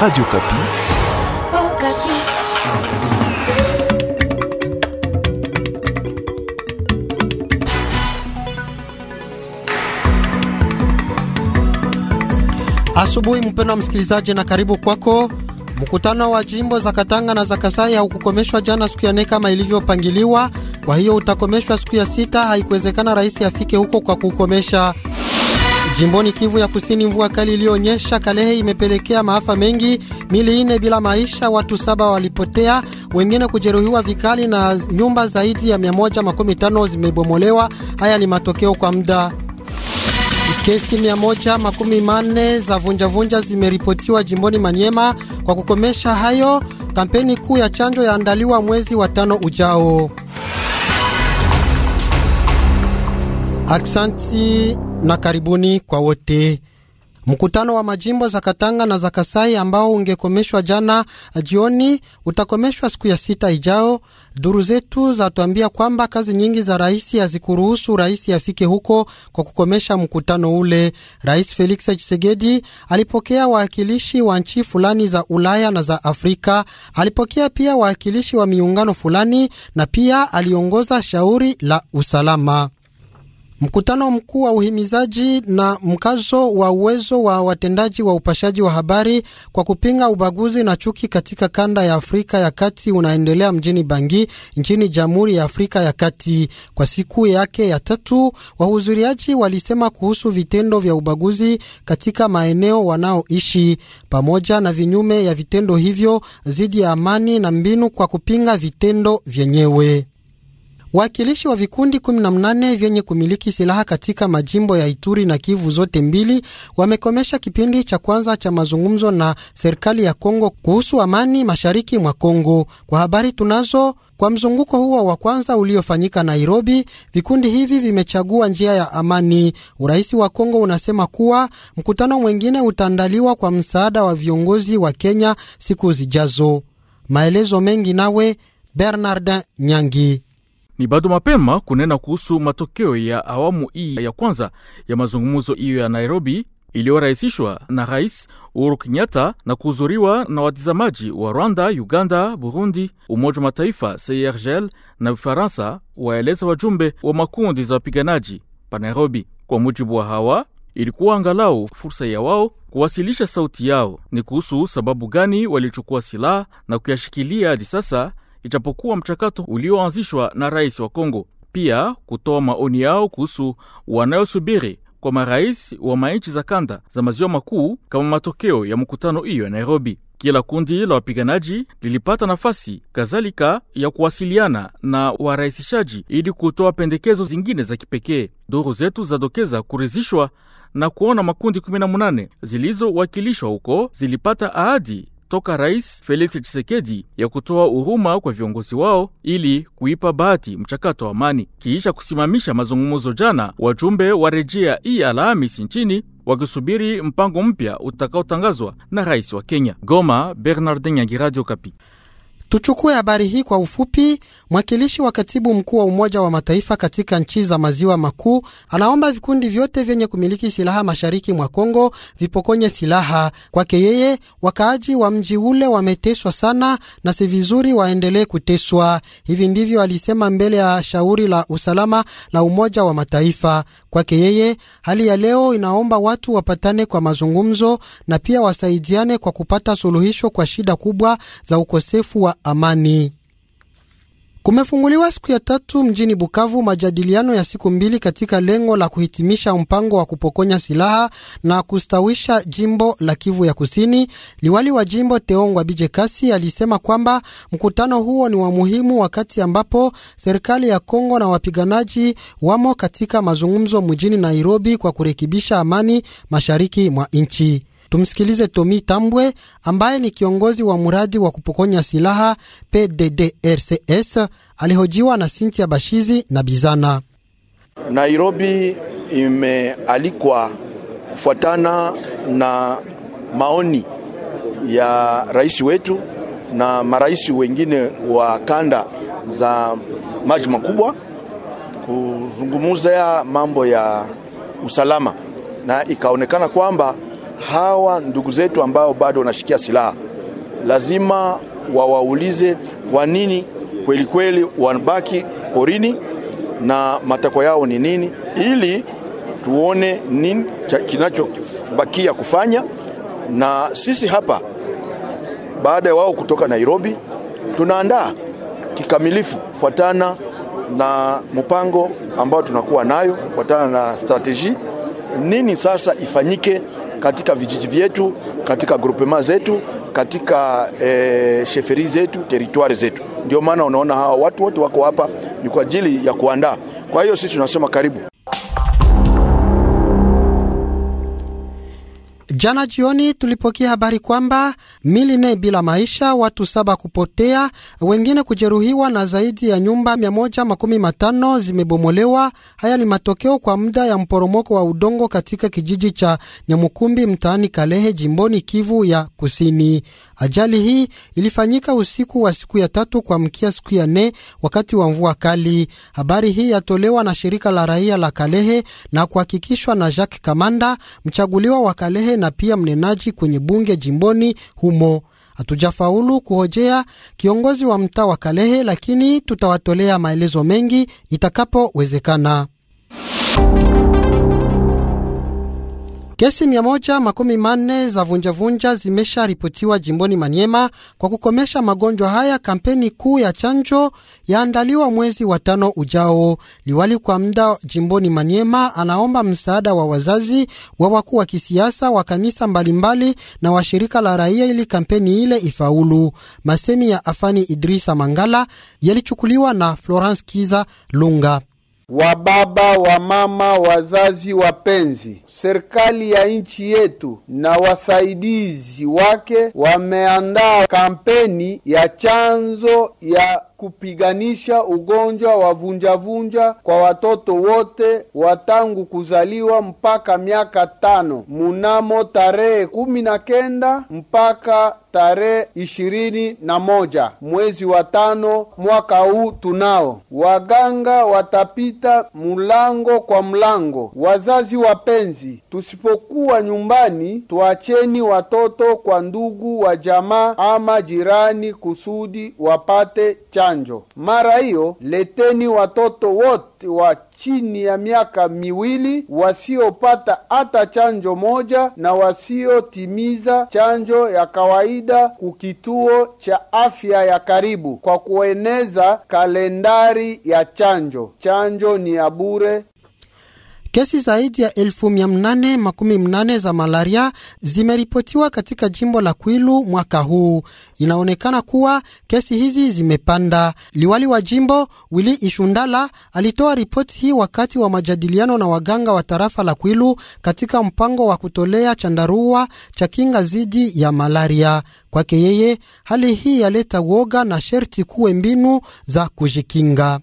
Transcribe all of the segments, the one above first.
Radio Kapi. Oh, Kapi. Asubuhi mpendwa msikilizaji, na karibu kwako. Mkutano wa jimbo za Katanga na za Kasai haukukomeshwa jana siku ya nne kama ilivyopangiliwa, kwa hiyo utakomeshwa siku ya sita. Haikuwezekana rais afike huko kwa kukomesha Jimboni Kivu ya Kusini, mvua kali iliyonyesha Kalehe imepelekea maafa mengi, mili ine bila maisha, watu saba walipotea, wengine kujeruhiwa vikali na nyumba zaidi ya 115 zimebomolewa. Haya ni matokeo kwa muda Kesi mia moja makumi manne za vunjavunja zimeripotiwa jimboni Manyema. Kwa kukomesha hayo, kampeni kuu ya chanjo yaandaliwa mwezi wa tano ujao. Aksanti na karibuni kwa wote. Mkutano wa majimbo za Katanga na za Kasai ambao ungekomeshwa jana eh, jioni utakomeshwa siku ya sita ijao. Duru zetu zatuambia kwamba kazi nyingi za rais hazikuruhusu rais afike huko kwa kukomesha mkutano ule. Rais Felix Tshisekedi alipokea wawakilishi wa nchi fulani za Ulaya na za Afrika, alipokea pia wawakilishi wa miungano fulani na pia aliongoza shauri la usalama. Mkutano mkuu wa uhimizaji na mkazo wa uwezo wa watendaji wa upashaji wa habari kwa kupinga ubaguzi na chuki katika kanda ya Afrika ya Kati unaendelea mjini Bangi nchini Jamhuri ya Afrika ya Kati. Kwa siku yake ya tatu, wahudhuriaji walisema kuhusu vitendo vya ubaguzi katika maeneo wanaoishi pamoja na vinyume ya vitendo hivyo dhidi ya amani na mbinu kwa kupinga vitendo vyenyewe. Wakilishi wa vikundi 18 vyenye kumiliki silaha katika majimbo ya Ituri na Kivu zote mbili wamekomesha kipindi cha kwanza cha mazungumzo na serikali ya Kongo kuhusu amani mashariki mwa Kongo. Kwa habari tunazo kwa mzunguko huo wa kwanza uliofanyika Nairobi, vikundi hivi vimechagua njia ya amani. Urais wa Kongo unasema kuwa mkutano mwingine utaandaliwa kwa msaada wa viongozi wa Kenya siku zijazo. Maelezo mengi nawe Bernard Nyangi. Ni bado mapema kunena kuhusu matokeo ya awamu hii ya kwanza ya mazungumzo hiyo ya Nairobi iliyorahisishwa na Rais Uhuru Kenyatta na kuhuzuriwa na watizamaji wa Rwanda, Uganda, Burundi, Umoja wa Mataifa, CIRGL na Ufaransa, waeleza wajumbe wa makundi za wapiganaji pa Nairobi. Kwa mujibu wa hawa, ilikuwa angalau fursa ya wao kuwasilisha sauti yao ni kuhusu sababu gani walichukua silaha na kuyashikilia hadi sasa ijapokuwa mchakato ulioanzishwa na rais wa Kongo, pia kutoa maoni yao kuhusu wanayosubiri kwa marais wa manchi za kanda za maziwa makuu kama matokeo ya mkutano hiyo ya Nairobi. Kila kundi la wapiganaji lilipata nafasi kadhalika ya kuwasiliana na warahisishaji ili kutoa pendekezo zingine za kipekee. Duru zetu zadokeza kuridhishwa na kuona makundi 18 zilizowakilishwa huko zilipata ahadi toka Rais Felix Tshisekedi ya kutoa huruma kwa viongozi wao ili kuipa bahati mchakato wa amani. Kiisha kusimamisha mazungumzo jana, wajumbe warejea hii Alhamisi nchini wakisubiri mpango mpya utakaotangazwa na rais wa Kenya. Goma, Bernardin nyangi Radio Kapi. Tuchukue habari hii kwa ufupi. Mwakilishi wa katibu mkuu wa Umoja wa Mataifa katika nchi za maziwa makuu anaomba vikundi vyote vyenye kumiliki silaha mashariki mwa Kongo vipokonye silaha. Kwake yeye, wakaaji wa mji ule wameteswa sana na si vizuri waendelee kuteswa. Hivi ndivyo alisema mbele ya shauri la usalama la Umoja wa Mataifa. Kwake yeye, hali ya leo inaomba watu wapatane kwa mazungumzo na pia wasaidiane kwa kupata suluhisho kwa shida kubwa za ukosefu wa amani. Kumefunguliwa siku ya tatu mjini Bukavu majadiliano ya siku mbili katika lengo la kuhitimisha mpango wa kupokonya silaha na kustawisha jimbo la Kivu ya Kusini. Liwali wa jimbo Teongwa Bije Kasi alisema kwamba mkutano huo ni wa muhimu wakati ambapo serikali ya Kongo na wapiganaji wamo katika mazungumzo mjini Nairobi kwa kurekebisha amani mashariki mwa nchi. Tumsikilize Tomi Tambwe ambaye ni kiongozi wa mradi wa kupokonya silaha PDDRCS, alihojiwa na Sintia Bashizi na Bizana. Nairobi imealikwa kufuatana na maoni ya rais wetu na marais wengine wa kanda za maji makubwa kuzungumzia mambo ya usalama, na ikaonekana kwamba hawa ndugu zetu ambao bado wanashikia silaha lazima wawaulize kwa nini kweli kweli wanabaki porini na matakwa yao ni nini, ili tuone nini kinachobakia kufanya. Na sisi hapa baada ya wao kutoka Nairobi, tunaandaa kikamilifu kufuatana na mpango ambao tunakuwa nayo, kufuatana na strateji, nini sasa ifanyike katika vijiji vyetu, katika grupema zetu, katika e, eh, sheferi zetu, teritwari zetu. Ndio maana unaona hawa watu wote wako hapa ni kwa ajili ya kuandaa. Kwa hiyo sisi tunasema karibu. Jana jioni tulipokea habari kwamba mili nne bila maisha, watu saba kupotea, wengine kujeruhiwa na zaidi ya nyumba mia moja makumi matano zimebomolewa. Haya ni matokeo kwa muda ya mporomoko wa udongo katika kijiji cha Nyamukumbi mtaani Kalehe jimboni Kivu ya Kusini. Ajali hii ilifanyika usiku wa siku ya tatu kuamkia siku ya nne wakati wa mvua kali. Habari hii yatolewa na shirika la raia la Kalehe na kuhakikishwa na Jacques Kamanda, mchaguliwa wa Kalehe na na pia mnenaji kwenye bunge jimboni humo. Hatujafaulu kuhojea kiongozi wa mtaa wa Kalehe, lakini tutawatolea maelezo mengi itakapowezekana. Kesi mia moja makumi manne za vunjavunja zimesharipotiwa jimboni Maniema. Kwa kukomesha magonjwa haya, kampeni kuu ya chanjo yaandaliwa mwezi wa tano ujao. Liwali kwa muda jimboni Maniema anaomba msaada wa wazazi wa wakuu wa kisiasa wa kanisa mbalimbali na washirika la raia ili kampeni ile ifaulu. Masemi ya Afani Idrisa Mangala yalichukuliwa na Florence Kiza Lunga. Wababa, wamama, wazazi wapenzi serikali ya nchi yetu na wasaidizi wake wameandaa kampeni ya chanzo ya kupiganisha ugonjwa wa vunjavunja kwa watoto wote wa tangu kuzaliwa mpaka miaka tano munamo tarehe kumi na kenda mpaka tarehe ishirini na moja mwezi wa tano mwaka huu. Tunao waganga watapita mlango kwa mlango. Wazazi wapenzi kazi. Tusipokuwa nyumbani, tuacheni watoto kwa ndugu wa jamaa ama jirani kusudi wapate chanjo. Mara hiyo leteni watoto wote wa chini ya miaka miwili wasiopata hata chanjo moja na wasiotimiza chanjo ya kawaida kukituo cha afya ya karibu kwa kueneza kalendari ya chanjo. Chanjo ni ya bure Kesi zaidi ya elfu mia mnane makumi mnane za malaria zimeripotiwa katika jimbo la Kwilu mwaka huu. Inaonekana kuwa kesi hizi zimepanda. Liwali wa jimbo Wili Ishundala alitoa ripoti hii wakati wa majadiliano na waganga wa tarafa la Kwilu katika mpango wa kutolea chandarua cha kinga dhidi ya malaria. Kwake yeye, hali hii yaleta woga na sherti kuwe mbinu za kujikinga.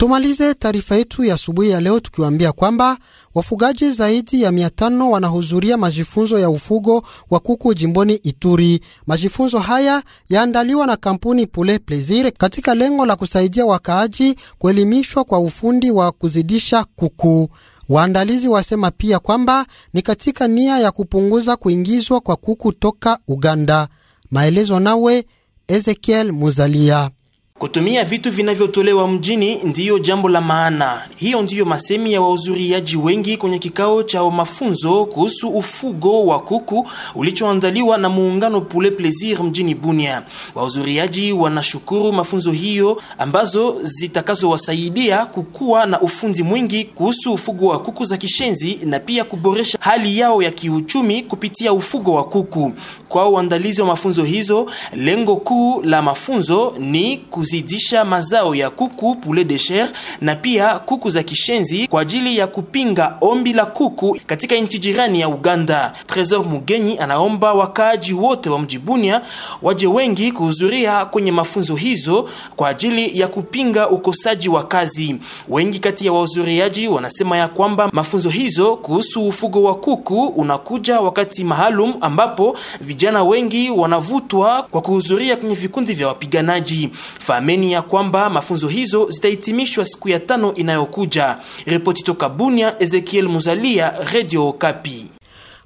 Tumalize taarifa yetu ya asubuhi ya leo tukiwaambia kwamba wafugaji zaidi ya mia tano wanahudhuria majifunzo ya ufugo wa kuku jimboni Ituri. Majifunzo haya yaandaliwa na kampuni Pule Plaisir katika lengo la kusaidia wakaaji kuelimishwa kwa ufundi wa kuzidisha kuku. Waandalizi wasema pia kwamba ni katika nia ya kupunguza kuingizwa kwa kuku toka Uganda. Maelezo nawe Ezekiel Muzalia. Kutumia vitu vinavyotolewa mjini ndiyo jambo la maana. Hiyo ndiyo masemi ya wahudhuriaji wengi kwenye kikao cha mafunzo kuhusu ufugo wa kuku ulichoandaliwa na muungano Poulet Plaisir mjini Bunia. Wahudhuriaji wanashukuru mafunzo hiyo ambazo zitakazowasaidia kukuwa na ufundi mwingi kuhusu ufugo wa kuku za kishenzi na pia kuboresha hali yao ya kiuchumi kupitia ufugo wa kuku. Kwa uandalizi wa mafunzo hizo, lengo kuu la mafunzo ni kuzidisha mazao ya kuku poulet de chair na pia kuku za kishenzi kwa ajili ya kupinga ombi la kuku katika nchi jirani ya Uganda. Tresor Mugenyi anaomba wakaaji wote wa mji Bunia waje wengi kuhudhuria kwenye mafunzo hizo kwa ajili ya kupinga ukosaji wa kazi. Wengi kati ya wahudhuriaji wanasema ya kwamba mafunzo hizo kuhusu ufugo wa kuku unakuja wakati maalum ambapo vijana wengi wanavutwa kwa kuhudhuria kwenye vikundi vya wapiganaji Fa Fahameni ya kwamba mafunzo hizo zitahitimishwa siku ya tano inayokuja. Ripoti toka Bunia, Ezekiel Muzalia, Radio Okapi.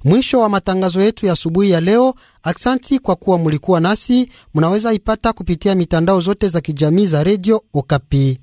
Mwisho wa matangazo yetu ya asubuhi ya leo. Aksanti kwa kuwa mulikuwa nasi. Munaweza ipata kupitia mitandao zote za kijamii za Radio Okapi.